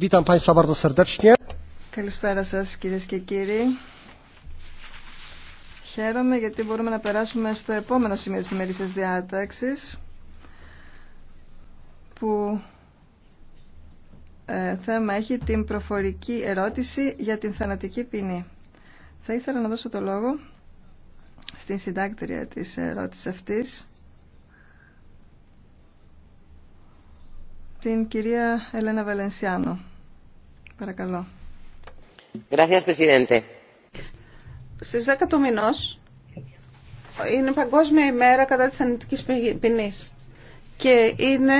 Witam bardzo serdecznie. Καλησπέρα σας κυρίες και κύριοι. Χαίρομαι γιατί μπορούμε να περάσουμε στο επόμενο σημείο της ημερήσιας διάταξης που ε, θέμα έχει την προφορική ερώτηση για την θανατική ποινή. Θα ήθελα να δώσω το λόγο στην συντάκτρια της ερώτησης αυτής, την κυρία Ελένα Βαλενσιάνο. Παρακαλώ. Gracias, Στις 10 του μηνός είναι Παγκόσμια ημέρα κατά της ανητικής ποινής και είναι